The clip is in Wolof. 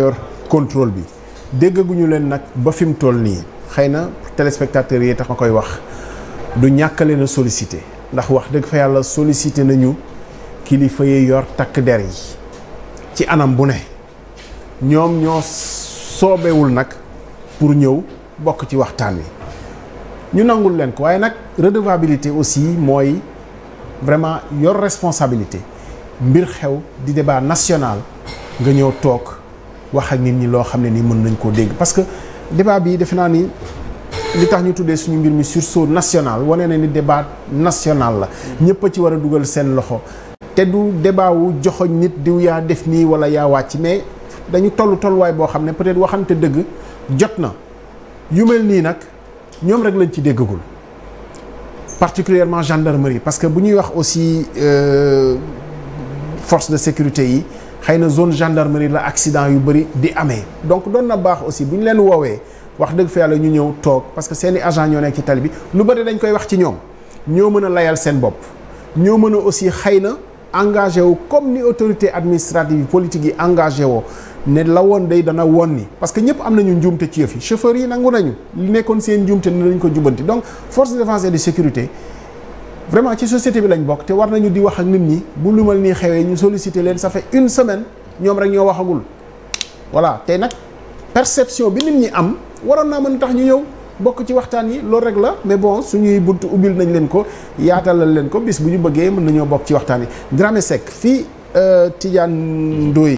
yor contrôle bi déggaguñu leen nag ba fi mu toll nii xëy na téléspectateurs yi tax ma koy wax du ñàkk leen a ndax wax dëgg fa yàlla sollicité nañu kilifa yi yor takk der yi ci anam bu ne ñoom ñoo soobewul nag pour ñëw bokk ci waxtaan wi ñu nangul leen ko waaye nag redevabilité aussi mooy vraiment yor responsabilité mbir xew di débat national nga ñëw toog wax ak nit ñi loo xam ne ni mën nañ koo dégg parce que débat bii defe naa ni li tax ñu tuddee suñu mbir mi sursaut national wane na ni débat national la. ñëpp a ci war a dugal seen loxo. te du débat wu joxoñ nit diw yaa def nii wala yaa wàcc mais dañu toll tolluwaay boo xam ne peut-être waxante dëgg jot na yu nii nag ñoom rek lañ ci déggagul. particulièrement gendarmerie parce que bu ñuy wax aussi euh, force de sécurité yi. xëy na zone gendarmerie la accident yu bëri di amee donc doon na baax aussi bu ñu leen woowee wax dëgg fa yàlla ñu ñëw toog parce que seen i agent ñoo nekk ci tali bi lu bëri dañ koy wax ci ñoom ñoo mën a layal seen bopp ñoo mën a aussi xëy na engagé wu comme ni autorité administrative yi politique yi engagé woo ne la woon day dana woon ni parce que ñëpp am nañu njuumte ci yëf yi chauffeurs yi nangu nañu li nekkoon seen njuumte ne nañ ko jubanti donc force de défense et sécurité vraiment ci société bi lañ bokk te war nañu di wax ak nit ñi bu lu mal nii xewee ñu solliciter leen sa fait une semaine ñoom rek ñoo waxagul voilà tey nag perception bi nit ñi am waroon naa mën tax ñu ñëw bokk ci waxtaan yi loolu rek la mais bon suñuy buntu ubbil nañ leen ko yaatalal leen ko bis bu ñu bëggee mën nañoo bokk ci waxtaan yi Dramé Seck fii euh, Tidiane Ndoye